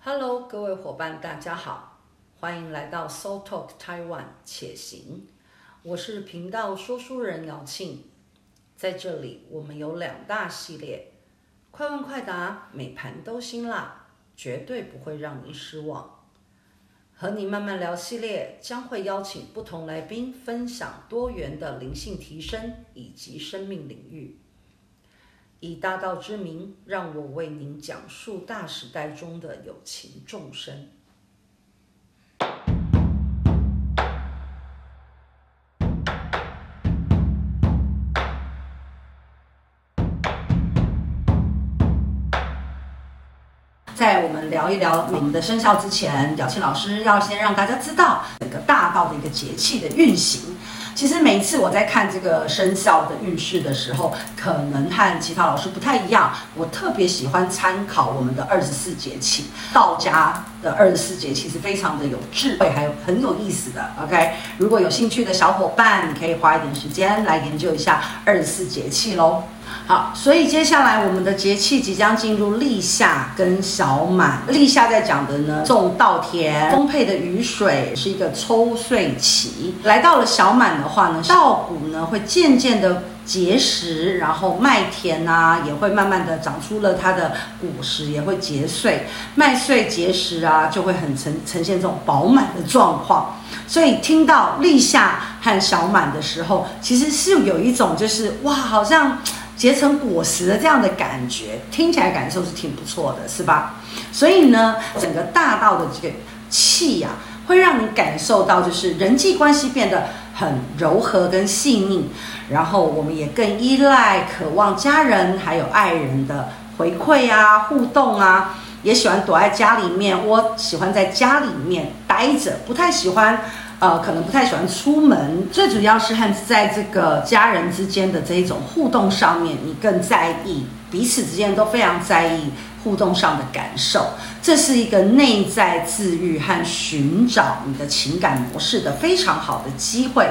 Hello，各位夥伴，大家好，歡迎來到 Soul Talk Taiwan 且行。我是頻道說書人瑤沁，在這裡我們有兩大系列，快問快答，每盤都辛辣，絕對不會讓你失望。和你慢慢聊系列將會邀請不同來賓分享多元的靈性提升以及生命領域。以大道之名，讓我為您講述大時代中的有情眾生。在我們聊一聊我們的生肖之前，瑤沁老師要先讓大家知道整個大道的一個節氣的運行。其實每一次我在看這個生肖的運勢的時候，可能和其他老師不太一樣。我特別喜歡參考我們的二十四節氣，道家的二十四節氣是非常的有智慧，還有很有意思的。OK，如果有興趣的小伙伴，你可以花一點時間來研究一下二十四節氣嘍。好，所以接下來我們的節氣即將進入立夏跟小滿。立夏在講的呢，種稻田，豐沛的雨水是一個抽穗期。來到了小滿的話呢，稻穀呢會漸漸的結實，然後麥田啊也會慢慢的長出了它的果實，也會結穗，麥穗結實啊就會很呈呈現這種飽滿的狀況。所以聽到立夏和小滿的時候，其實是有一種就是哇，好像。結成果實的這樣的感覺，聽起來感受是挺不錯的，是吧？所以呢，整個大道的這個氣呀、啊，會讓你感受到就是人際關係變得很柔和跟細膩，然後我們也更依賴、渴望家人還有愛人的回饋啊、互動啊，也喜歡躲在家裡面。我喜歡在家裡面待着，不太喜歡。呃，可能不太喜歡出門，最主要是和在這個家人之間的這一種互動上面，你更在意，彼此之間都非常在意互動上的感受。這是一個內在治癒和尋找你的情感模式的非常好的機會。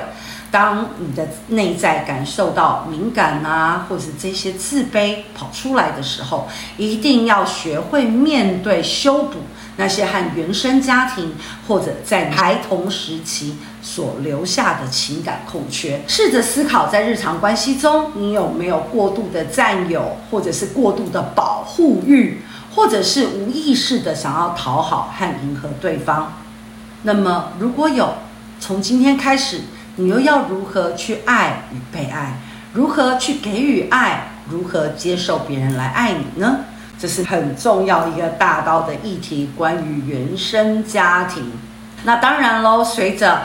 當你的內在感受到敏感啊，或者是這些自卑跑出來的時候，一定要學會面對修補。那些和原生家庭或者在孩童時期所留下的情感空缺，試着思考，在日常關係中，你有沒有過度的佔有，或者是過度的保護慾，或者是無意識的想要討好和迎合對方？那麼，如果有，從今天開始，你又要如何去愛與被愛？如何去給予愛？如何接受別人來愛你呢？這是很重要一個大道的議題，關於原生家庭。那當然嘍，隨着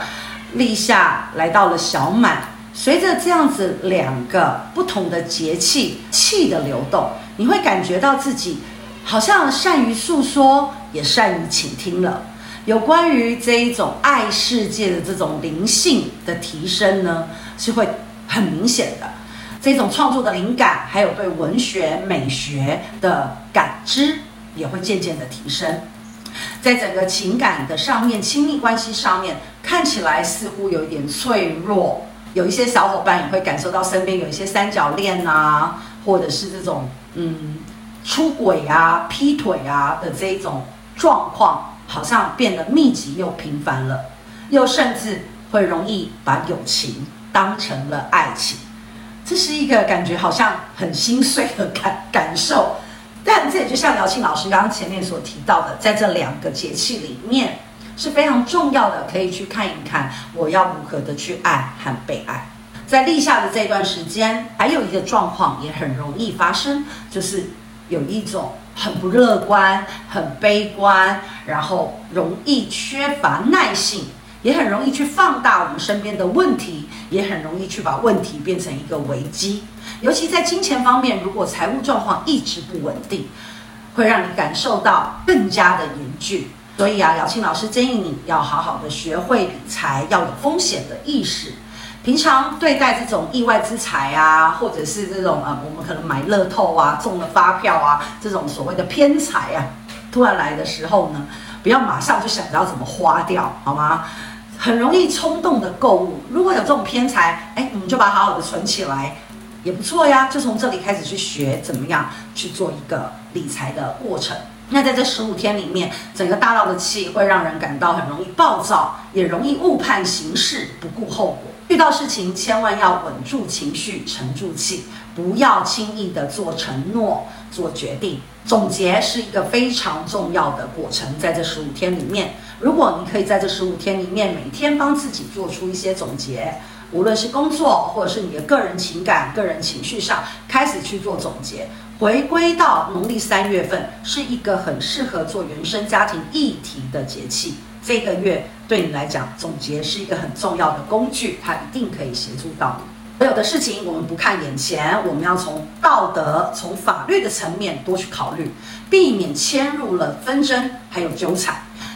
立夏來到了小滿，隨着這樣子兩個不同的節氣氣的流動，你會感覺到自己好像善於訴說，也善於傾聽了。有關於這一種愛世界的這種靈性的提升呢，是會很明顯的。這種創作的靈感，還有對文學美學的感知，也會漸漸的提升。在整個情感的上面，親密關係上面，看起來似乎有一點脆弱。有一些小夥伴也會感受到身邊有一些三角戀啊，或者是這種嗯出軌啊、劈腿啊的這一種狀況，好像變得密集又頻繁了，又甚至會容易把友情當成了愛情。這是一個感覺好像很心碎的感感受，但這也就像瑤沁老師剛剛前面所提到的，在這兩個節氣裡面是非常重要的，可以去看一看。我要如何的去愛和被愛？在立夏的這段時間，還有一個狀況也很容易發生，就是有一種很不樂觀、很悲觀，然後容易缺乏耐性。也很容易去放大我們身邊的問題，也很容易去把問題變成一個危機。尤其在金錢方面，如果財務狀況一直不穩定，會讓你感受到更加的嚴峻。所以啊，瑤沁老師建議你要好好的學會理財，要有風險的意識。平常對待這種意外之財啊，或者是這種啊，我們可能買樂透啊、中了發票啊這種所謂的偏財啊，突然來的時候呢，不要馬上就想着要怎麼花掉，好嗎？很容易衝動的購物，如果有這種偏財，哎，我們就把它好好的存起來，也不錯呀。就從這裡開始去學怎麼樣去做一個理財的過程。那在這十五天裡面，整個大道的氣會讓人感到很容易暴躁，也容易誤判形勢，不顧後果。遇到事情千萬要穩住情緒，沉住氣，不要輕易的做承諾、做決定。總結是一個非常重要的過程，在這十五天裡面。如果你可以在這十五天裡面每天幫自己做出一些總結，無論是工作或者是你的個人情感、個人情緒上，開始去做總結，回歸到農曆三月份是一個很適合做原生家庭議題的節氣。這個月對你來講，總結是一個很重要的工具，它一定可以協助到你。所有的事情，我們不看眼前，我們要從道德、從法律的層面多去考慮，避免牽入了紛爭還有糾纏。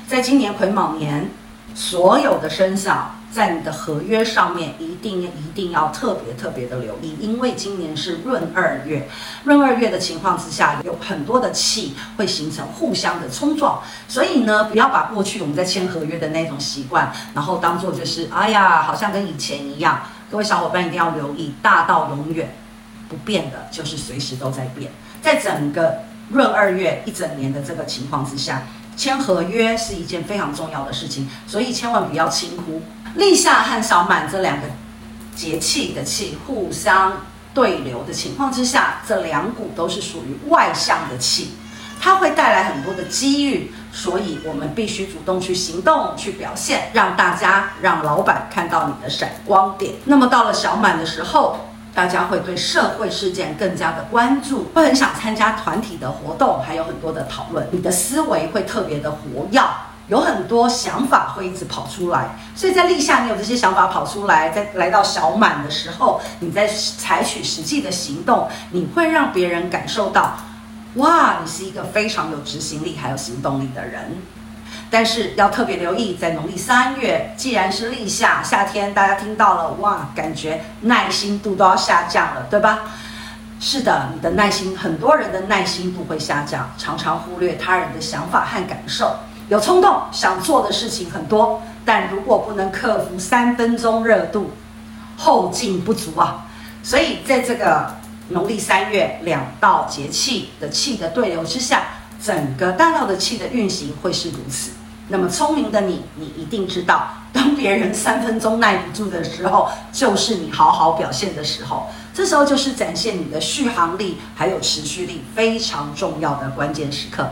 在今年癸卯年，所有的生肖在你的合約上面一定一定要特別特別的留意，因為今年是閏二月，閏二月的情況之下，有很多的氣會形成互相的衝撞，所以呢，不要把過去我們在簽合約的那種習慣，然後當做就是哎呀，好像跟以前一樣。各位小夥伴一定要留意，大到永遠不變的，就是隨時都在變，在整個閏二月一整年的這個情況之下。簽合約是一件非常重要的事情，所以千萬不要輕忽。立夏和小滿這兩個節氣的氣互相對流的情況之下，這兩股都是屬於外向的氣，它會帶來很多的機遇，所以我們必須主動去行動、去表現，讓大家、讓老闆看到你的閃光點。那麼到了小滿的時候，大家會對社會事件更加的關注，會很想參加團體的活動，還有很多的討論。你的思維會特別的活躍，有很多想法會一直跑出來。所以在立夏你有這些想法跑出來，再來到小滿的時候，你再採取實際的行動，你會讓別人感受到，哇，你是一個非常有執行力還有行動力的人。但是要特別留意，在農曆三月，既然是立夏，夏天，大家聽到了，哇，感覺耐心度都要下降了，對吧？是的，你的耐心，很多人的耐心度會下降，常常忽略他人的想法和感受，有衝動，想做的事情很多，但如果不能克服三分鐘熱度，後勁不足啊。所以在這個農曆三月兩道節氣的氣的對流之下，整個大道的氣的運行會是如此。那麼聰明的你，你一定知道，當別人三分鐘耐不住的時候，就是你好好表現的時候。這時候就是展現你的續航力還有持續力非常重要的關鍵時刻，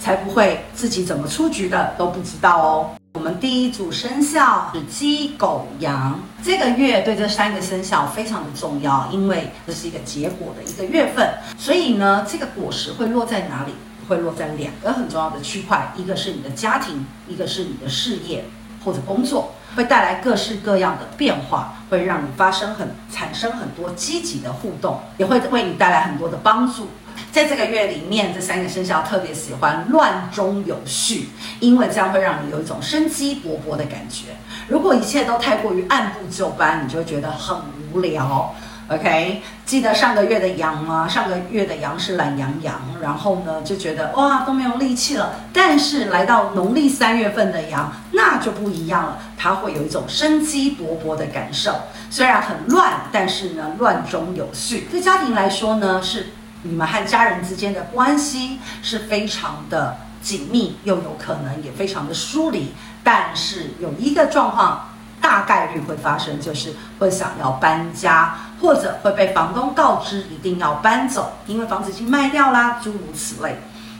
才不會自己怎麼出局的都不知道哦。我們第一組生肖是雞、狗、羊，這個月對這三個生肖非常的重要，因為這是一個結果的一個月份，所以呢，這個果實會落在哪裡？會落在兩個很重要的區塊，一個是你的家庭，一個是你的事業或者工作，會帶來各式各樣的變化，會讓你發生很產生很多積極的互動，也會為你帶來很多的幫助。在這個月裡面，這三個生肖特別喜歡亂中有序，因為這樣會讓你有一種生機勃勃的感覺。如果一切都太過於按部就班，你就會覺得很無聊。OK，記得上個月的羊嗎？上個月的羊是懶羊羊，然後呢，就覺得哇，都沒有力氣了。但是來到農曆三月份的羊，那就不一樣了，它會有一種生機勃勃的感受。雖然很亂，但是呢，亂中有序。對家庭來說呢，是你們和家人之間的關係是非常的緊密，又有可能也非常的疏離。但是有一個狀況大概率會發生，就是會想要搬家。或者會被房東告知一定要搬走，因為房子已經賣掉啦，諸如此類。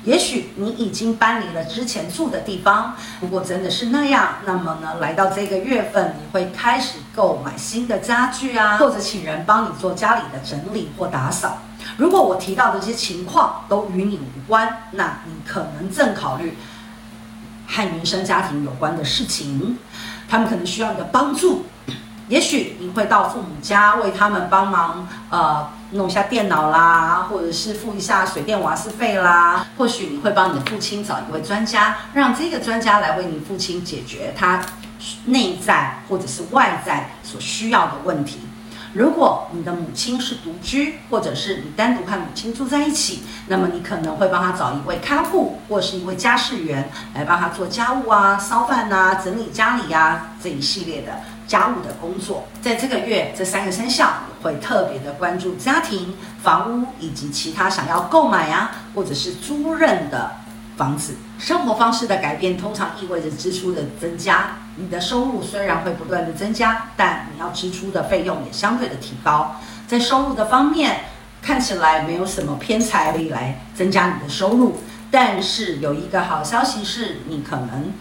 也許你已經搬離了之前住的地方。如果真的是那樣，那麼呢，來到這個月份，你會開始購買新的家具啊，或者請人幫你做家裡的整理或打掃。如果我提到的這些情況都與你無關，那你可能正考慮和原生家庭有關的事情，他們可能需要你的幫助。也許你會到父母家為他們幫忙，呃，弄一下電腦啦，或者是付一下水電瓦斯費啦。或許你會幫你的父親找一位專家，讓這個專家來為你父親解決他內在或者是外在所需要的問題。如果你的母親是獨居，或者是你單獨和母親住在一起，那麼你可能會幫他找一位看護或者是一位家事員來幫他做家務啊、燒飯吶、啊、整理家裡呀、啊、這一系列的。家務的工作，在這個月這三個生肖會特別的關注家庭、房屋以及其他想要購買啊，或者是租賃的房子。生活方式的改變通常意味着支出的增加。你的收入雖然會不斷的增加，但你要支出的費用也相對的提高。在收入的方面，看起來沒有什麼偏財可以來增加你的收入，但是有一個好消息是，你可能。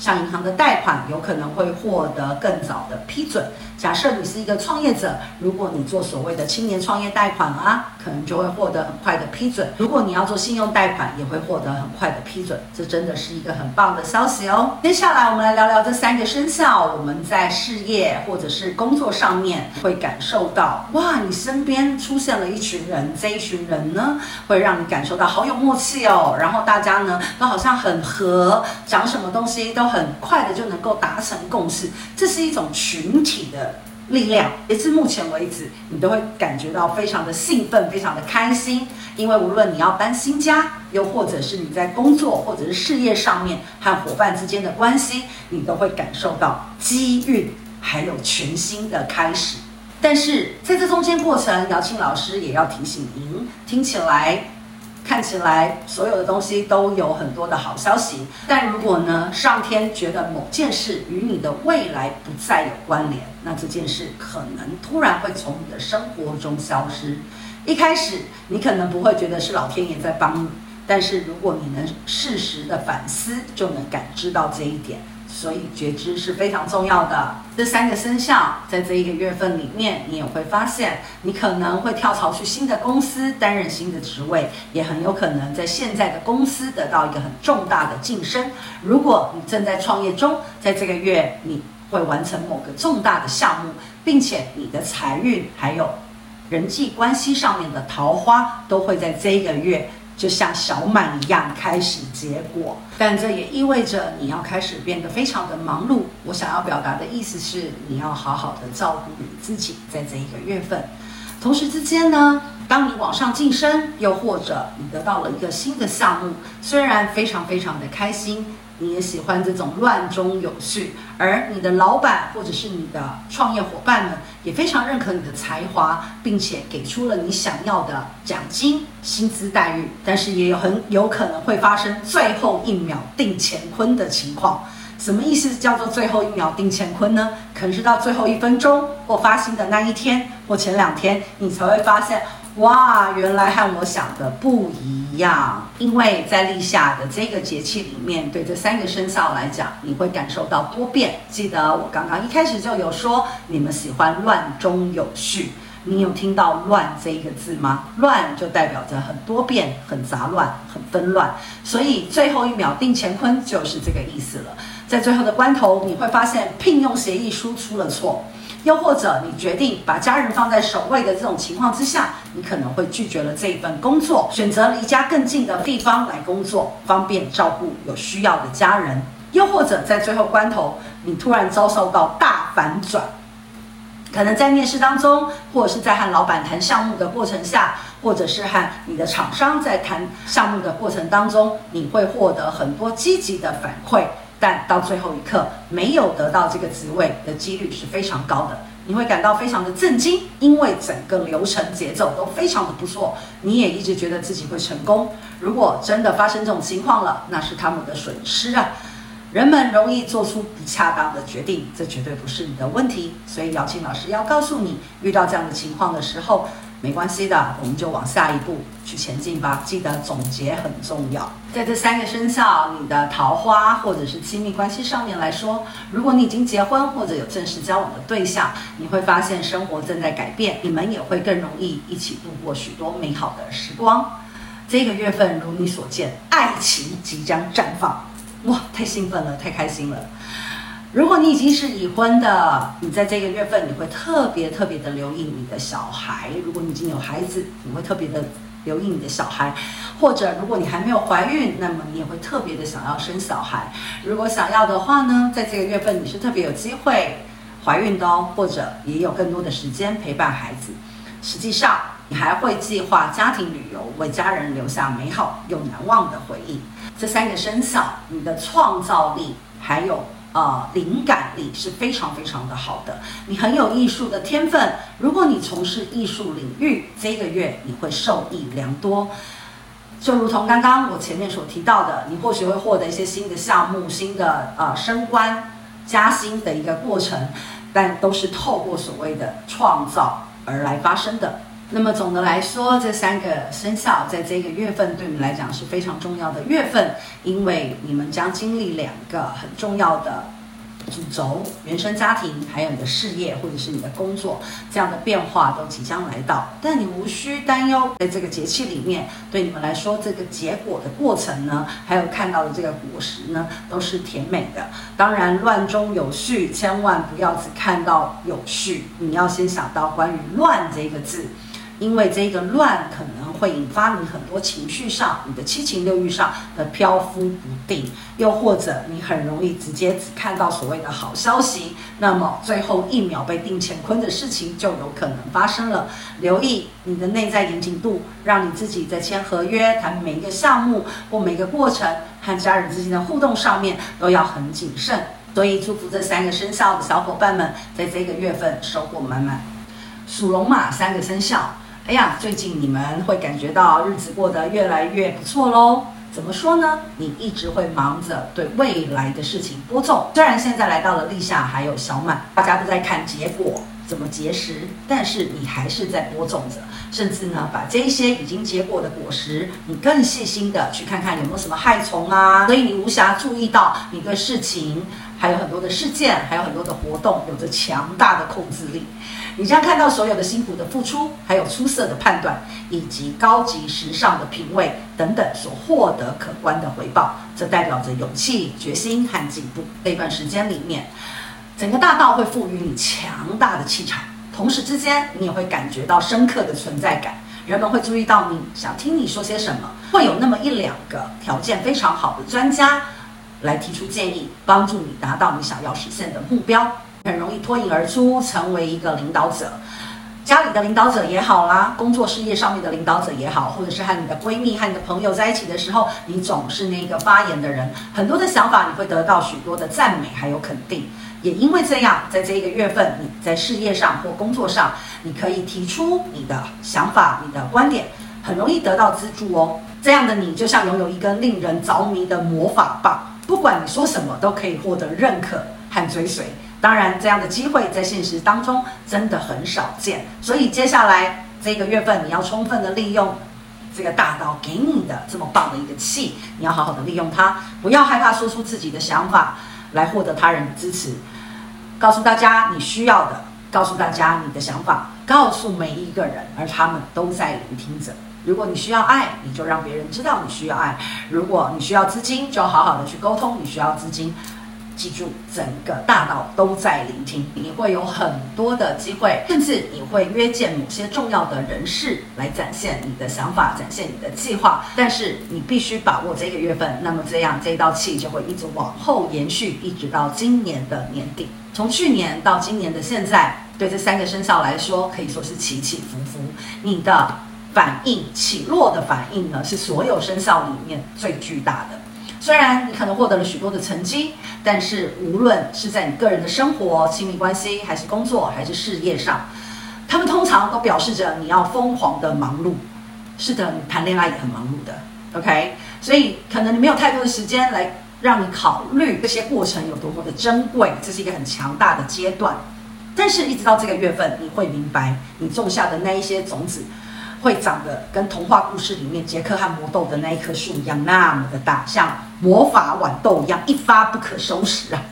像銀行的貸款有可能會獲得更早的批准。假設你是一個創業者，如果你做所謂的青年創業貸款啊，可能就會獲得很快的批准。如果你要做信用貸款，也會獲得很快的批准。這真的是一個很棒的消息哦！接下來我們來聊聊這三個生肖，我們在事業或者是工作上面會感受到哇，你身邊出現了一群人，這一群人呢，會讓你感受到好有默契哦。然後大家呢，都好像很合，講什麼東西都，很快的就能夠達成共識，這是一種群體的力量。也是目前為止，你都會感覺到非常的興奮，非常的開心。因為無論你要搬新家，又或者是你在工作或者是事業上面和夥伴之間的關係，你都會感受到機遇，還有全新的開始。但是在這中間過程，瑤沁老師也要提醒您，聽起來。看起來所有的東西都有很多的好消息，但如果呢，上天覺得某件事與你的未來不再有關聯，那這件事可能突然會從你的生活中消失。一開始你可能不會覺得是老天爺在幫你，但是如果你能適時的反思，就能感知到這一點。所以，覺知是非常重要的。這三個生肖在這一個月份裡面，你也會發現，你可能會跳槽去新的公司擔任新的職位，也很有可能在現在的公司得到一個很重大的晉升。如果你正在創業中，在這個月你會完成某個重大的項目，並且你的財運還有人際關係上面的桃花都會在這一個月。就像小滿一樣開始結果，但這也意味着你要開始變得非常的忙碌。我想要表達的意思是，你要好好的照顧你自己在這一個月份。同時之間呢，當你往上晉升，又或者你得到了一個新的項目，雖然非常非常的開心。你也喜歡這種亂中有序，而你的老闆或者是你的創業夥伴們也非常認可你的才華，並且給出了你想要的獎金、薪資待遇，但是也有很有可能會發生最後一秒定乾坤的情況。什麼意思叫做最後一秒定乾坤呢？可能是到最後一分鐘或發薪的那一天或前兩天，你才會發現。哇，原來和我想的不一樣。因為在立夏的這個節氣裡面，對這三個生肖來講，你會感受到多變。記得我剛剛一開始就有說，你們喜歡亂中有序。你有聽到“亂”這個字嗎？“亂”就代表着很多變、很雜亂、很紛亂。所以最後一秒定乾坤就是這個意思了。在最後的關頭，你會發現聘用協議書出了錯。又或者你決定把家人放在首位的這種情況之下，你可能會拒絕了這一份工作，選擇離家更近的地方來工作，方便照顧有需要的家人。又或者在最後關頭，你突然遭受到大反轉，可能在面試當中，或者是在和老闆談項目的過程下，或者是和你的廠商在談項目的過程當中，你會獲得很多積極的反饋。但到最後一刻沒有得到這個職位的幾率是非常高的，你會感到非常的震驚，因為整個流程節奏都非常的不錯，你也一直覺得自己會成功。如果真的發生這種情況了，那是他們的損失啊。人們容易做出不恰當的決定，這絕對不是你的問題。所以瑤沁老師要告訴你，遇到這樣的情況的時候。沒關係的，我們就往下一步去前進吧。記得總結很重要。在這三個生肖，你的桃花或者是親密關係上面來說，如果你已經結婚或者有正式交往的對象，你會發現生活正在改變，你們也會更容易一起度過許多美好的時光。這個月份如你所見，愛情即將綻放。哇，太興奮了，太開心了。如果你已經是已婚的，你在這個月份你會特別特別的留意你的小孩。如果你已經有孩子，你會特別的留意你的小孩，或者如果你還沒有懷孕，那麼你也會特別的想要生小孩。如果想要的話呢，在這個月份你是特別有機會懷孕的哦，或者也有更多的時間陪伴孩子。實際上，你還會計劃家庭旅遊，為家人留下美好又難忘的回憶。這三個生肖，你的創造力還有。呃，靈感力是非常非常的好的，你很有藝術的天分。如果你從事藝術領域，這個月你會受益良多。就如同剛剛我前面所提到的，你或許會獲得一些新的項目、新的呃升官、加薪的一個過程，但都是透過所謂的創造而來發生的。那麼總的來說，這三個生肖在這個月份，對你們來講是非常重要的月份，因為你們將經歷兩個很重要的主軸：原生家庭，還有你的事業或者是你的工作，這樣的變化都即將來到。但你無需擔憂，在這個節氣裡面，對你們來說，這個結果的過程呢，還有看到的這個果實呢，都是甜美的。當然，亂中有序，千萬不要只看到有序，你要先想到關於“亂”這個字。因為這個亂可能會引發你很多情緒上、你的七情六欲上的飄忽不定，又或者你很容易直接只看到所謂的好消息，那麼最後一秒被定乾坤的事情就有可能發生了。留意你的內在嚴謹度，讓你自己在簽合約、談每一個項目或每個過程和家人之間的互動上面都要很謹慎。所以祝福這三個生肖的小夥伴們在這個月份收穫滿滿。屬龍、馬三個生肖。哎呀，最近你們會感覺到日子過得越來越不錯嘍。怎麼說呢？你一直會忙着對未來的事情播種，雖然現在來到了立夏還有小滿，大家都在看結果怎麼結實，但是你還是在播種着，甚至呢，把這些已經結果的果實，你更細心的去看看有沒有什麼害蟲啊。所以你無暇注意到你對事情，還有很多的事件，還有很多的活動，有着強大的控制力。你將看到所有的辛苦的付出，還有出色的判斷，以及高級時尚的品味等等所獲得可觀的回報。這代表着勇氣、決心和進步。那段時間裡面，整個大道會賦予你強大的氣場，同時之間你也會感覺到深刻的存在感。人們會注意到你，想聽你說些什麼。會有那麼一兩個條件非常好的專家，來提出建議，幫助你達到你想要實現的目標。很容易脫穎而出，成為一個領導者。家裡的領導者也好啦，工作事業上面的領導者也好，或者是和你的閨蜜、和你的朋友在一起的時候，你總是那個發言的人。很多的想法你會得到許多的讚美還有肯定。也因為這樣，在這一個月份，你在事業上或工作上，你可以提出你的想法、你的觀點，很容易得到資助哦。這樣的你就像擁有一根令人着迷的魔法棒，不管你說什麼，都可以獲得認可和追隨。當然，這樣的機會在現實當中真的很少見，所以接下來這個月份你要充分的利用這個大道給你的這麼棒的一個氣，你要好好的利用它，不要害怕說出自己的想法來獲得他人的支持。告訴大家你需要的，告訴大家你的想法，告訴每一個人，而他們都在聆聽着。如果你需要愛，你就讓別人知道你需要愛；如果你需要資金，就好好的去溝通你需要資金。記住，整個大道都在聆聽，你會有很多的機會，甚至你會約見某些重要的人士來展現你的想法，展現你的計劃。但是你必須把握這個月份，那麼這樣這道氣就會一直往後延續，一直到今年的年底。從去年到今年的現在，對這三個生肖來說可以說是起起伏伏。你的反應，起落的反應呢，是所有生肖裡面最巨大的。雖然你可能獲得了許多的成績，但是無論是在你個人的生活、親密關係，還是工作，還是事業上，他們通常都表示着你要瘋狂的忙碌。是的，你談戀愛也很忙碌的。OK，所以可能你沒有太多的時間來讓你考慮這些過程有多麼的珍貴。這是一個很強大的階段，但是，一直到這個月份，你會明白你種下的那一些種子。會長得跟童話故事裡面傑克和魔豆的那一棵樹一樣那麼的大，像魔法豌豆一樣一發不可收拾啊！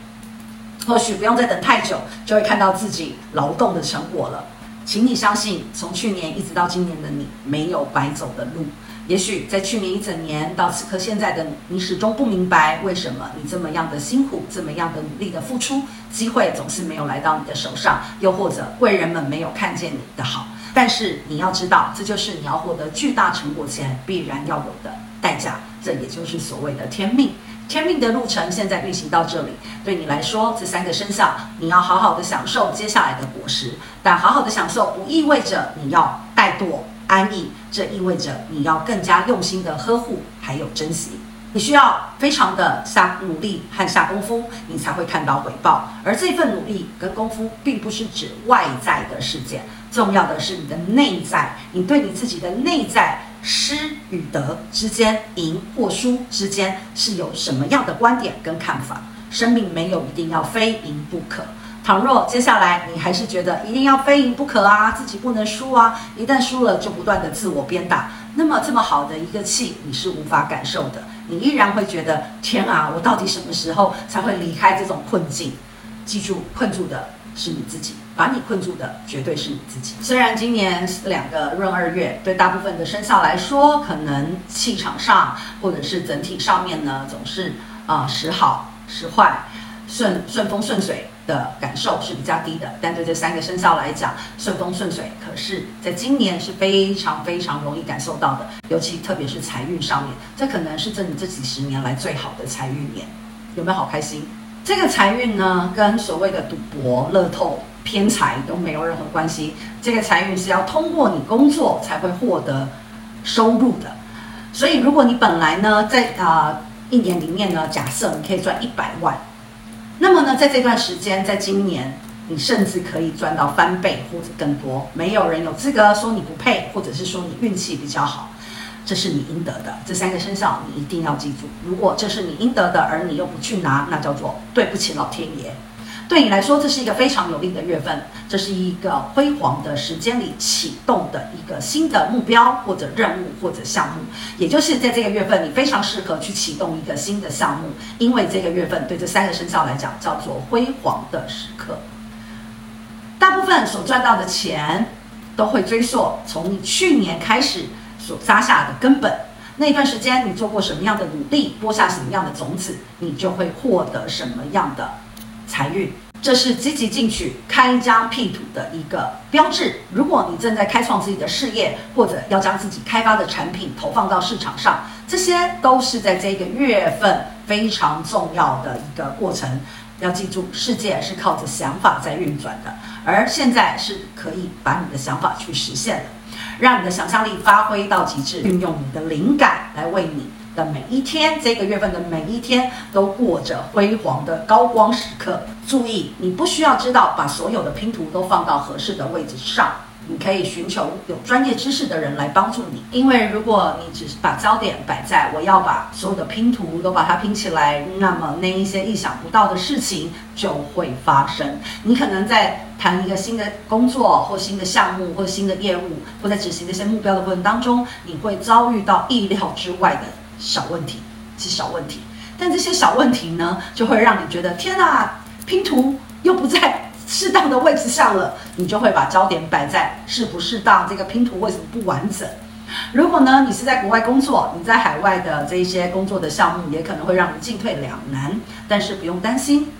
或許不用再等太久，就會看到自己勞動的成果了。請你相信，從去年一直到今年的你，沒有白走的路。也許在去年一整年到此刻現在的你，你始終不明白為什麼你這麼樣的辛苦，這麼樣的努力的付出，機會總是沒有來到你的手上，又或者貴人們沒有看見你的好。但是你要知道，這就是你要獲得巨大成果前必然要有的代價，這也就是所謂的天命。天命的路程現在運行到這裡，對你來說，這三個生肖，你要好好的享受接下來的果實。但好好的享受不意味着你要怠惰安逸，這意味着你要更加用心的呵護還有珍惜。你需要非常的下努力和下功夫，你才會看到回報。而這份努力跟功夫，並不是指外在的事件。重要的是你的內在，你對你自己的內在失與得之間，贏或輸之間，是有什麼樣的觀點跟看法？生命沒有一定要非贏不可。倘若接下來你還是覺得一定要非贏不可啊，自己不能輸啊，一旦輸了就不斷的自我鞭打，那麼這麼好的一個氣你是無法感受的，你依然會覺得天啊，我到底什麼時候才會離開這種困境？記住，困住的是你自己。把你困住的絕對是你自己。雖然今年兩個閏二月，對大部分的生肖來說，可能氣場上或者是整體上面呢，總是啊、呃、時好時壞，順順風順水的感受是比較低的。但對這三個生肖來講，順風順水，可是在今年是非常非常容易感受到的。尤其特別是財運上面，這可能是這你這幾十年來最好的財運年，有沒有好開心？這個財運呢，跟所謂的賭博、樂透。偏財都沒有任何關係，這個財運是要通過你工作才會獲得收入的。所以，如果你本來呢在啊、呃、一年裡面呢，假設你可以賺一百萬，那麼呢在這段時間，在今年你甚至可以賺到翻倍或者更多。沒有人有資格說你不配，或者是說你運氣比較好，這是你應得的。這三個生肖你一定要記住，如果這是你應得的，而你又不去拿，那叫做對不起老天爺。對你來說，這是一個非常有利的月份，這是一個輝煌的時間裡啟動的一個新的目標或者任務或者項目，也就是在這個月份，你非常適合去啟動一個新的項目，因為這個月份對這三個生肖來講叫做輝煌的時刻。大部分所賺到的錢都會追溯從你去年開始所扎下的根本，那一段時間你做過什麼樣的努力，播下什麼樣的種子，你就會獲得什麼樣的。財運，這是積極進取、開疆闢土的一個標誌。如果你正在開創自己的事業，或者要將自己開發的產品投放到市場上，這些都是在這個月份非常重要的一個過程。要記住，世界是靠着想法在運轉的，而現在是可以把你的想法去實現的，讓你的想象力發揮到極致，運用你的靈感來為你。的每一天，這個月份的每一天都過着輝煌的高光時刻。注意，你不需要知道把所有的拼圖都放到合適的位置上，你可以尋求有專業知識的人來幫助你。因為如果你只是把焦點擺在我要把所有的拼圖都把它拼起來，那麼那一些意想不到的事情就會發生。你可能在談一個新的工作或新的項目或新的業務，或在執行這些目標的過程當中，你會遭遇到意料之外的。小問題是小問題，但這些小問題呢，就會讓你覺得天吶，拼圖又不在適當的位置上了，你就會把焦點擺在適不適當，這個拼圖為什麼不完整？如果呢，你是在國外工作，你在海外的這一些工作的項目也可能會讓你進退兩難，但是不用擔心，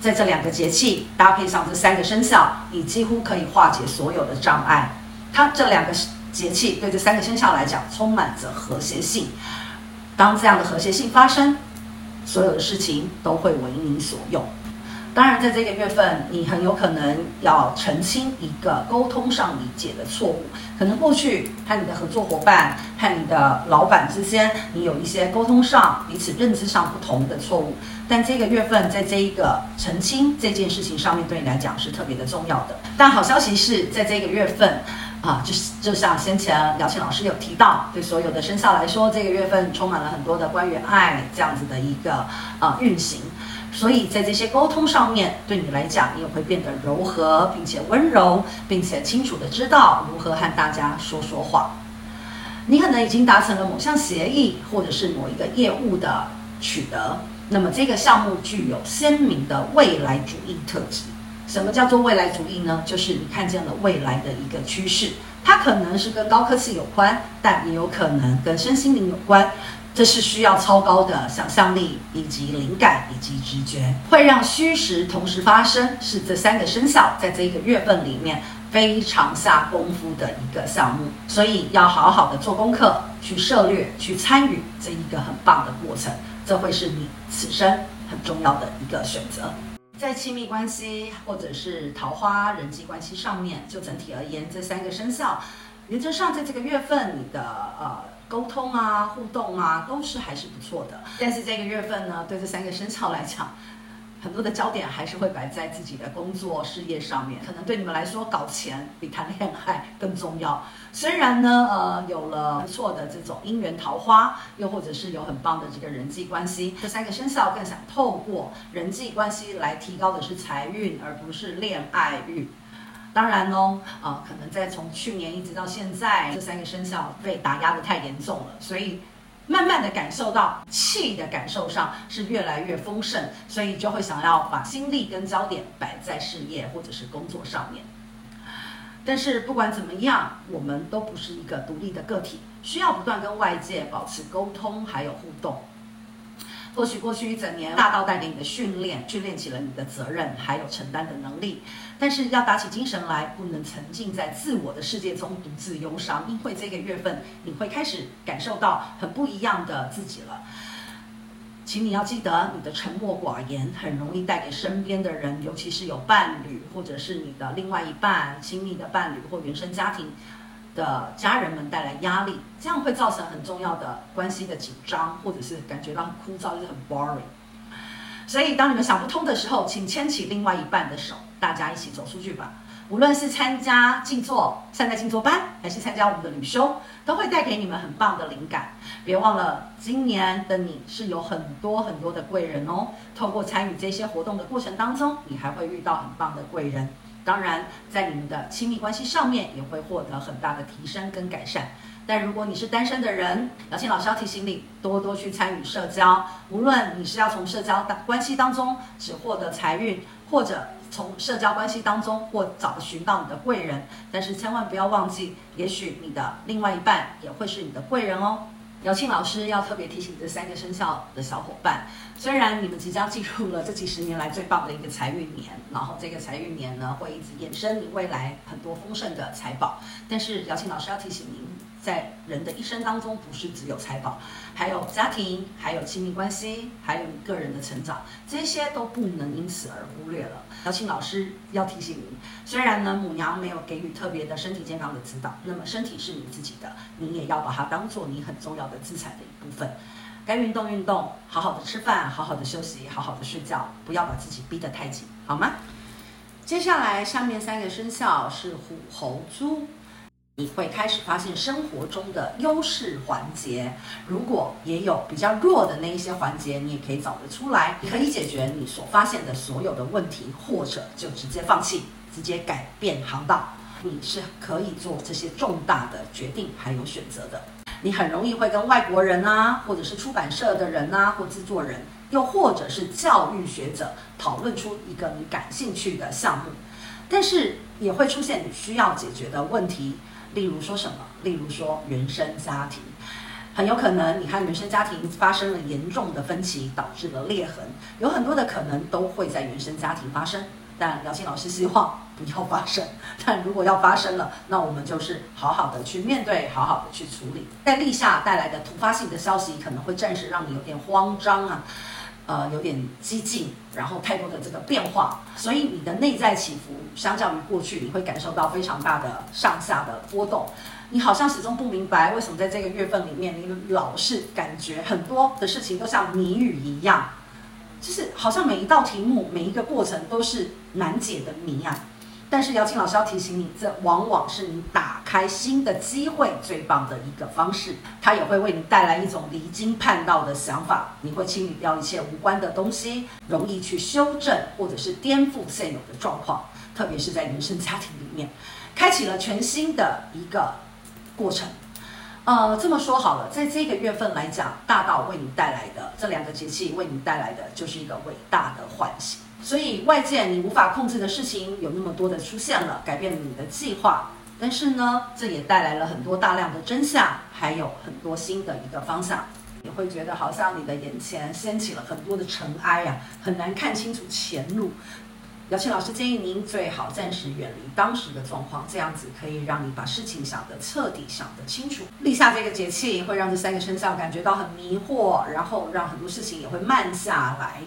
在這兩個節氣搭配上這三個生肖，你幾乎可以化解所有的障礙。它這兩個節氣對這三個生肖來講，充滿着和諧性。當這樣的和諧性發生，所有的事情都會為你所用。當然，在這個月份，你很有可能要澄清一個溝通上理解的錯誤。可能過去和你的合作夥伴、和你的老板之間，你有一些溝通上、彼此認知上不同的錯誤。但這個月份，在這一個澄清這件事情上面，對你來講是特別的重要的。但好消息是，在這個月份。啊，就是就像先前瑤沁老師有提到，對所有的生肖來說，這個月份充滿了很多的關於愛這樣子的一個啊運行，所以在這些溝通上面，對你來講，你也會變得柔和，並且溫柔，並且清楚的知道如何和大家說說話。你可能已經達成了某項協議，或者是某一個業務的取得，那麼這個項目具有鮮明的未來主義特質。什麼叫做未來主義呢？就是你看見了未來的一個趨勢，它可能是跟高科技有關，但也有可能跟身心靈有關。這是需要超高的想象力以及靈感以及直覺，會讓虛實同時發生。是這三個生肖在這一個月份裡面非常下功夫的一個項目，所以要好好的做功課，去涉獵，去參與這一個很棒的過程。這會是你此生很重要的一個選擇。在親密關係或者是桃花人際關係上面，就整體而言，這三個生肖原則上在這個月份你的呃溝通啊、互動啊都是還是不錯的。但是這個月份呢，對這三個生肖來講。很多的焦點還是會擺在自己的工作事業上面，可能對你們來說搞錢比談戀愛更重要。雖然呢，呃，有了不錯的這種姻緣桃花，又或者是有很棒的這個人際關係，這三個生肖更想透過人際關係來提高的是財運，而不是戀愛運。當然嘍、哦，呃，可能在從去年一直到現在，這三個生肖被打壓得太嚴重了，所以。慢慢地感受到氣的感受上是越來越豐盛，所以就會想要把心力跟焦點擺在事業或者是工作上面。但是不管怎麼樣，我們都不是一個獨立的個體，需要不斷跟外界保持溝通，還有互動。或許過去一整年，大道帶給你的訓練，訓練起了你的責任，還有承擔的能力。但是要打起精神來，不能沉浸在自我的世界中獨自憂傷，因為這個月份你會開始感受到很不一樣的自己了。請你要記得，你的沉默寡言很容易帶給身邊的人，尤其是有伴侶或者是你的另外一半、親密的伴侶或原生家庭的家人們帶來壓力，這樣會造成很重要的關係的緊張，或者是感覺到很枯燥，就是很 boring。所以，當你們想不通的時候，請牽起另外一半的手，大家一起走出去吧。無論是參加靜坐、善在靜坐班，還是參加我們的旅修，都會帶給你們很棒的靈感。別忘了，今年的你是有很多很多的貴人哦。透過參與這些活動的過程當中，你還會遇到很棒的貴人。當然，在你們的親密關係上面，也會獲得很大的提升跟改善。但如果你是單身的人，瑤沁老師要提醒你多多去參與社交。無論你是要從社交關係當中只獲得財運，或者從社交關係當中或找尋到你的貴人，但是千萬不要忘記，也許你的另外一半也會是你的貴人哦。瑤沁老師要特別提醒這三個生肖的小夥伴：雖然你們即將進入了這幾十年來最棒的一個財運年，然後這個財運年呢會一直衍生你未來很多豐盛的財寶，但是瑤沁老師要提醒您。在人的一生當中，不是只有財寶，還有家庭，還有親密關係，還有你個人的成長，這些都不能因此而忽略了。瑤沁老師要提醒您，雖然呢母娘沒有給予特別的身體健康的指導，那麼身體是你自己的，你也要把它當做你很重要的資產的一部分。該運動運動，好好的吃飯，好好的休息，好好的睡覺，不要把自己逼得太緊，好嗎？接下來下面三個生肖是虎、猴、豬。你會開始發現生活中的優勢環節，如果也有比較弱的那一些環節，你也可以找得出來，可以解決你所發現的所有的問題，或者就直接放棄，直接改變航道。你是可以做這些重大的決定還有選擇的。你很容易會跟外國人啊，或者是出版社的人啊，或制作人，又或者是教育學者討論出一個你感興趣的項目，但是也會出現你需要解決的問題。例如說什麼？例如說原生家庭，很有可能你看，原生家庭發生了嚴重的分歧，導致了裂痕。有很多的可能都會在原生家庭發生，但瑤沁老師希望不要發生。但如果要發生了，那我們就是好好的去面對，好好的去處理。在立夏帶來的突發性的消息，可能會暫時讓你有點慌張啊。呃，有點激進，然後太多的這個變化，所以你的內在起伏，相較於過去，你會感受到非常大的上下的波動。你好像始終不明白，為什麼在這個月份裡面，你老是感覺很多的事情都像謎語一樣，就是好像每一道題目、每一個過程都是難解的謎啊。但是瑤沁老師要提醒你，這往往是你打開新的機會最棒的一個方式，它也會為你帶來一種離經叛道的想法，你會清理掉一切無關的東西，容易去修正或者是顛覆現有的狀況，特別是在原生家庭裡面，開啟了全新的一個過程。呃，這麼說好了，在這個月份來講，大道為你帶來的這兩個節氣，為你帶來的就是一個偉大的喚醒。所以，外界你無法控制的事情有那麼多的出現了，改變了你的計劃。但是呢，這也帶來了很多大量的真相，還有很多新的一個方向。你會覺得好像你的眼前掀起了很多的塵埃啊，很難看清楚前路。瑤沁老師建議您最好暫時遠離當時的狀況，這樣子可以讓你把事情想得徹底、想得清楚。立夏這個節氣會讓這三個生肖感覺到很迷惑，然後讓很多事情也會慢下來，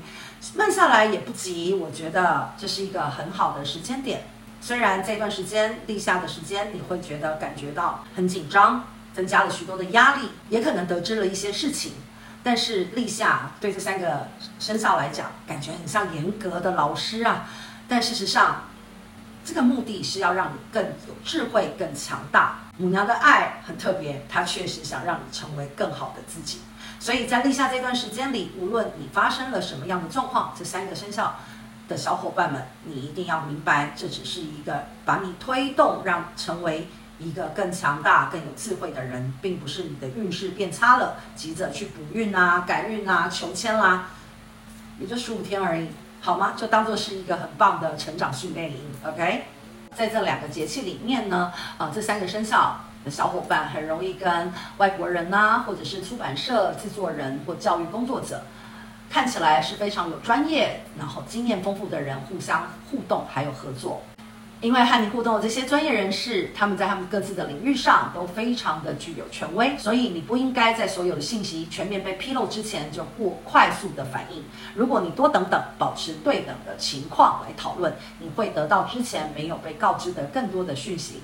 慢下來也不急。我覺得這是一個很好的時間點。雖然這段時間立夏的時間，你會覺得感覺到很緊張，增加了許多的壓力，也可能得知了一些事情。但是立夏對這三個生肖來講，感覺很像嚴格的老師啊。但事實上，這個目的是要讓你更有智慧、更強大。母娘的愛很特別，她確實想讓你成為更好的自己。所以在立夏這段時間裡，無論你發生了什麼樣的狀況，這三個生肖的小夥伴們，你一定要明白，這只是一個把你推動，讓成為。一個更強大、更有智慧的人，並不是你的運勢變差了，急着去補運啊、改運啊、求籤啦、啊，也就十五天而已，好嗎？就當作是一個很棒的成長訓練營，OK？在這兩個節氣裡面呢，啊、呃，這三個生肖的小伙伴很容易跟外國人啊，或者是出版社、制作人或教育工作者，看起來是非常有專業，然後經驗豐富的人互相互動還有合作。因為和你互動的這些專業人士，他們在他們各自的領域上都非常的具有權威，所以你不應該在所有的信息全面被披露之前就過快速的反應。如果你多等等，保持對等的情況來討論，你會得到之前沒有被告知的更多的訊息。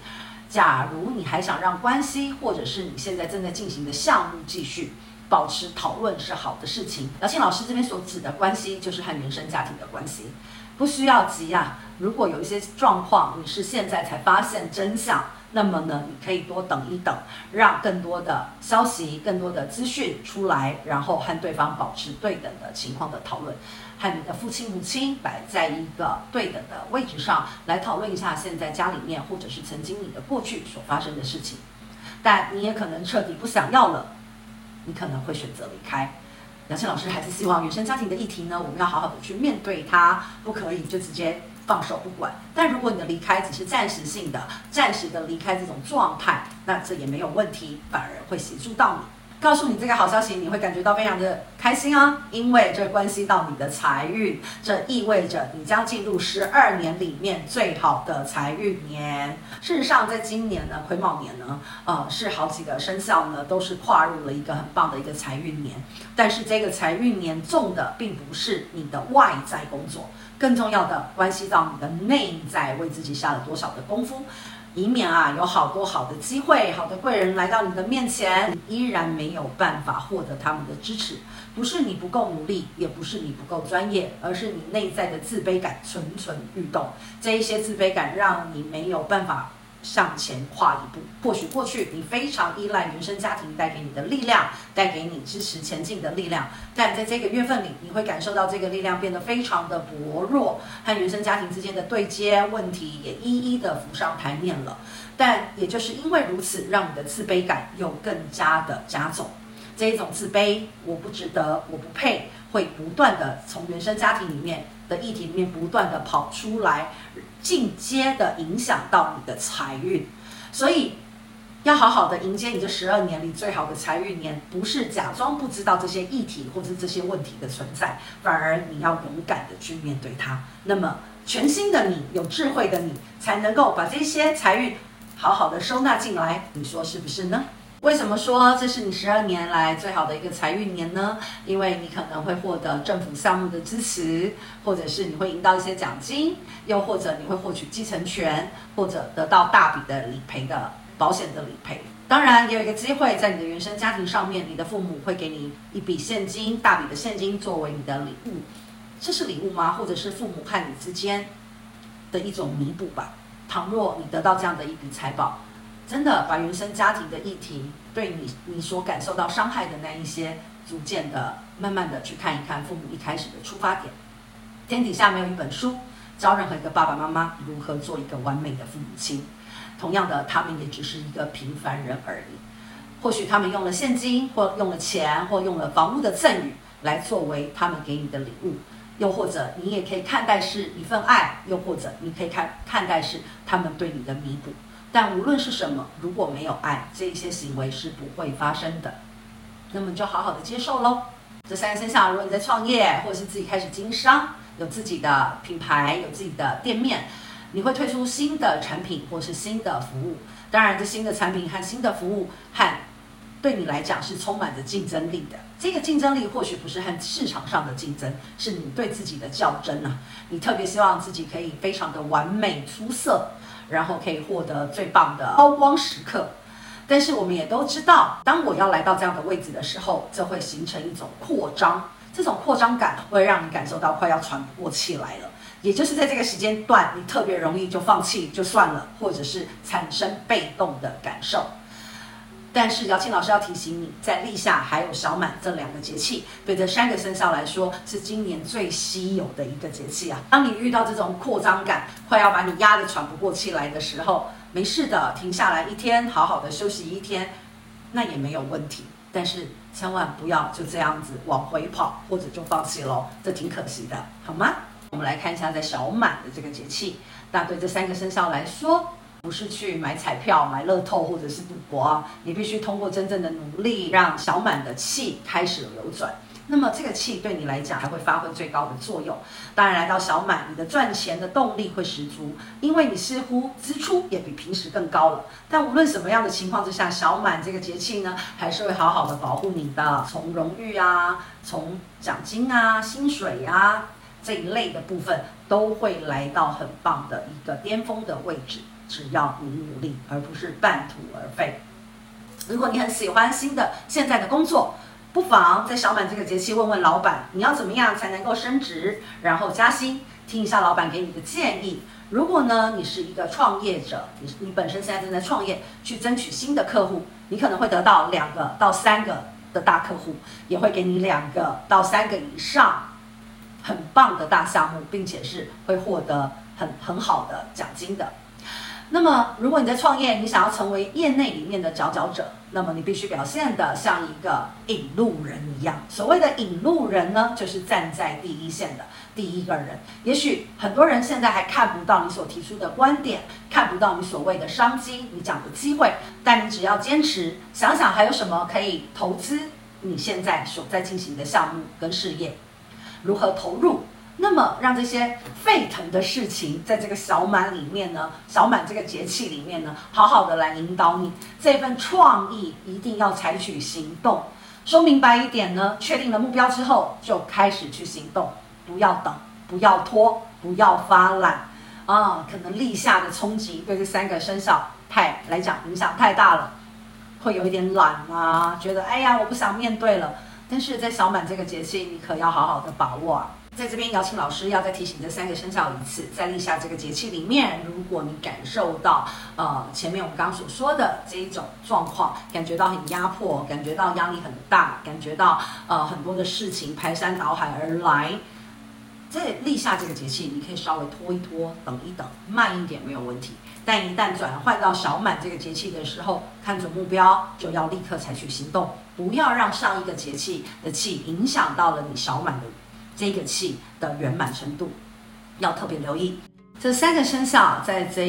假如你還想讓關係或者是你現在正在進行的項目繼續，保持討論是好的事情。瑤沁老師這邊所指的關係，就是和原生家庭的關係。不需要急呀、啊，如果有一些狀況，你是現在才發現真相，那麼呢，你可以多等一等，讓更多的消息、更多的資訊出來，然後和對方保持對等的情況的討論，和你的父親、母親擺在一個對等的位置上來討論一下現在家裡面，或者是曾經你的過去所發生的事情，但你也可能徹底不想要了，你可能會選擇離開。瑤沁老師還是希望原生家庭的議題呢，我們要好好的去面對它，不可以就直接放手不管。但如果你的離開只是暫時性的、暫時的離開這種狀態，那這也沒有問題，反而會協助到你。告訴你這個好消息，你會感覺到非常的開心哦、啊，因為這關係到你的財運，這意味着你將進入十二年裡面最好的財運年。事實上，在今年呢，癸卯年呢，呃，是好幾個生肖呢，都是跨入了一個很棒的一個財運年。但是，這個財運年重的並不是你的外在工作，更重要的關係到你的內在，為自己下了多少的功夫。以免啊，有好多好的機會、好的貴人來到你的面前，你依然沒有辦法獲得他們的支持。不是你不夠努力，也不是你不夠專業，而是你內在的自卑感蠢蠢欲動。這一些自卑感讓你沒有辦法。向前跨一步，或許過去你非常依賴原生家庭帶給你的力量，帶給你支持前進的力量，但在這個月份裡，你會感受到這個力量變得非常的薄弱，和原生家庭之間的對接問題也一一的浮上台面了。但也就是因為如此，讓你的自卑感又更加的加重。這一種自卑，我不值得，我不配，會不斷的從原生家庭裡面。的議題裡面不斷的跑出來，進階的影響到你的財運，所以要好好的迎接你這十二年裡最好的財運年，不是假裝不知道這些議題或者這些問題的存在，反而你要勇敢的去面對它。那麼全新的你，有智慧的你，才能夠把這些財運好好的收納進來。你說是不是呢？為什麼說這是你十二年來最好的一個財運年呢？因為你可能會獲得政府項目的支持，或者是你會贏到一些獎金，又或者你會獲取繼承權，或者得到大筆的理賠的保險的理賠。當然，也有一個機會在你的原生家庭上面，你的父母會給你一筆現金，大筆的現金作為你的禮物。這是禮物嗎？或者是父母和你之間的一種彌補吧？倘若你得到這樣的一筆財寶。真的把原生家庭的議題，對你你所感受到傷害的那一些，逐漸的、慢慢的去看一看父母一開始的出發點。天底下沒有一本書教任何一個爸爸媽媽如何做一個完美的父母親。同樣的，他們也只是一個平凡人而已。或許他們用了現金，或用了錢，或用了房屋的贈與來作為他們給你的禮物。又或者，你也可以看待是一份愛，又或者你可以看看待是他們對你的彌補。但無論是什麼，如果沒有愛，這一些行為是不會發生的。那麼就好好的接受嘍。這三個生肖，如果你在創業，或是自己開始經商，有自己的品牌，有自己的店面，你會推出新的產品或是新的服務。當然，這新的產品和新的服務，和對你來講是充滿着競爭力的。這個競爭力或許不是和市場上的競爭，是你對自己的較真吶、啊。你特別希望自己可以非常的完美出色。然後可以獲得最棒的高光時刻，但是我們也都知道，當我要來到這樣的位置的時候，就會形成一種擴張，這種擴張感會讓你感受到快要喘不過氣來了。也就是在這個時間段，你特別容易就放棄，就算了，或者是產生被動的感受。但是瑤沁老師要提醒你，在立夏還有小滿這兩個節氣，對這三個生肖來說是今年最稀有的一個節氣啊。當你遇到這種擴張感，快要把你壓得喘不過氣來的時候，沒事的，停下來一天，好好的休息一天，那也沒有問題。但是千萬不要就這樣子往回跑，或者就放棄嘍，這挺可惜的，好嗎？我們來看一下在小滿的這個節氣，那對這三個生肖來說。不是去買彩票、買樂透或者是賭博啊，你必須通過真正的努力，讓小滿的氣開始流轉。那麼這個氣對你來講還會發揮最高的作用。當然來到小滿，你的賺錢的動力會十足，因為你似乎支出也比平時更高了。但無論什麼樣的情況之下，小滿這個節氣呢，還是會好好的保護你的，從榮譽啊、從獎金啊、薪水啊這一類的部分，都會來到很棒的一個巔峰的位置。只要你努力，而不是半途而廢。如果你很喜歡新的現在的工作，不妨在小滿這個節氣問問老板，你要怎麼樣才能夠升職，然後加薪，聽一下老板給你的建議。如果呢，你是一個創業者，你你本身現在正在創業，去爭取新的客戶，你可能會得到兩個到三個的大客戶，也會給你兩個到三個以上很棒的大項目，並且是會獲得很很好的獎金的。那麼，如果你在創業，你想要成為業內裡面的佼佼者，那麼你必須表現得像一個引路人一樣。所謂的引路人呢，就是站在第一線的第一個人。也許很多人現在還看不到你所提出的觀點，看不到你所謂的商機，你講的機會，但你只要堅持，想想還有什麼可以投資你現在所在進行的項目跟事業，如何投入？那麼，讓這些沸騰的事情在這個小滿裡面呢，小滿這個節氣裡面呢，好好的來引導你這份創意，一定要採取行動。說明白一點呢，確定了目標之後，就開始去行動，不要等，不要拖，不要發懶啊！可能立夏的衝擊對這三個生肖太來講影響太大了，會有一點懶啊，覺得哎呀，我不想面對了。但是在小滿這個節氣，你可要好好的把握啊。在這邊，瑤沁老師要再提醒這三個生肖一次。在立夏這個節氣裡面，如果你感受到呃前面我們剛所說的這一種狀況，感覺到很壓迫，感覺到壓力很大，感覺到呃很多的事情排山倒海而來，在立夏這個節氣，你可以稍微拖一拖，等一等，慢一點沒有問題。但一旦轉換到小滿這個節氣的時候，看準目標，就要立刻採取行動，不要讓上一個節氣的氣影響到了你小滿的。這個氣的圓滿程度要特別留意，這三個生肖在這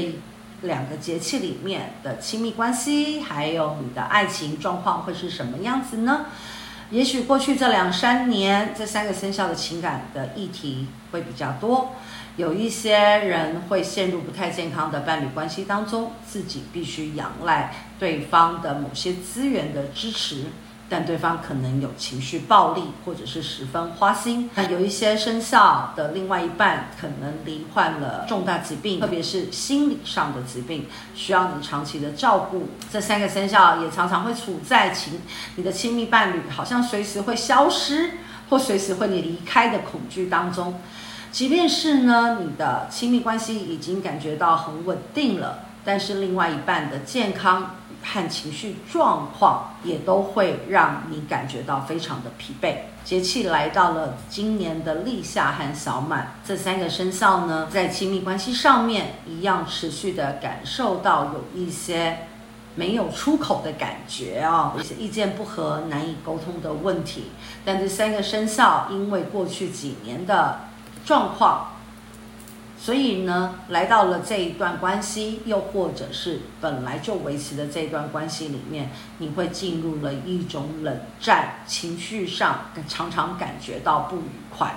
兩個節氣裡面的親密關係，還有你的愛情狀況會是什麼樣子呢？也許過去這兩三年，這三個生肖的情感的議題會比較多。有一些人會陷入不太健康的伴侶關係當中，自己必須仰賴對方的某些資源的支持。但對方可能有情緒暴力，或者是十分花心。那有一些生肖的另外一半可能罹患了重大疾病，特別是心理上的疾病，需要你長期的照顧。這三個生肖也常常會處在情，你的親密伴侶好像隨時會消失，或隨時會你離開的恐懼當中。即便是呢，你的親密關係已經感覺到很穩定了，但是另外一半的健康。和情緒狀況也都會讓你感覺到非常的疲憊。節氣來到了今年的立夏和小滿，這三個生肖呢，在親密關係上面一樣持續的感受到有一些沒有出口的感覺啊、哦，一些意見不合、難以溝通的問題。但這三個生肖因為過去幾年的狀況。所以呢，來到了這一段關係，又或者是本來就維持的這段關係裡面，你會進入了一種冷戰，情緒上常常感覺到不愉快。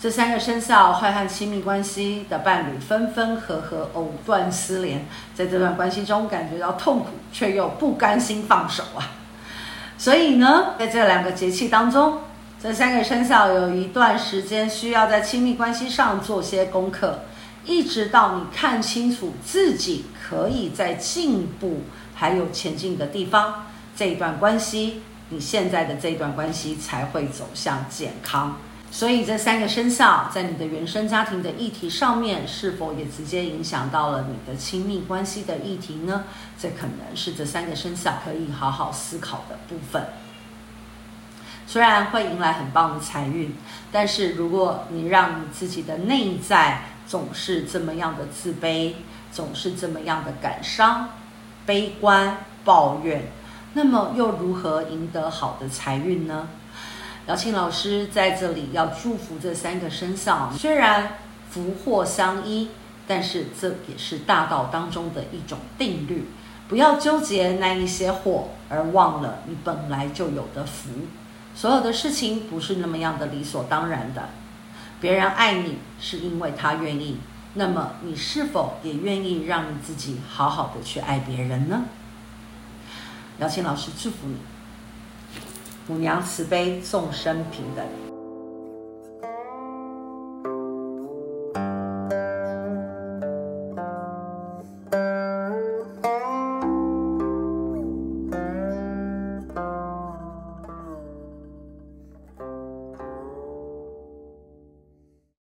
這三個生肖會和親密關係的伴侶分分合合、藕斷絲連，在這段關係中感覺到痛苦，卻又不甘心放手啊。所以呢，在這兩個節氣當中。這三個生肖有一段時間需要在親密關係上做些功課，一直到你看清楚自己可以在進步還有前進的地方，這一段關係，你現在的這一段關係才會走向健康。所以這三個生肖在你的原生家庭的議題上面，是否也直接影響到了你的親密關係的議題呢？這可能是這三個生肖可以好好思考的部分。雖然會迎來很棒的財運，但是如果你讓你自己的內在總是這麼樣的自卑，總是這麼樣的感傷、悲觀、抱怨，那麼又如何贏得好的財運呢？瑤沁老師在這裡要祝福這三個生肖。雖然福禍相依，但是這也是大道當中的一種定律。不要糾結那一些禍，而忘了你本來就有的福。所有的事情不是那麼樣的理所當然的，別人愛你是因為他願意，那麼你是否也願意讓你自己好好的去愛別人呢？瑤沁老師祝福你，母娘慈悲，眾生平等。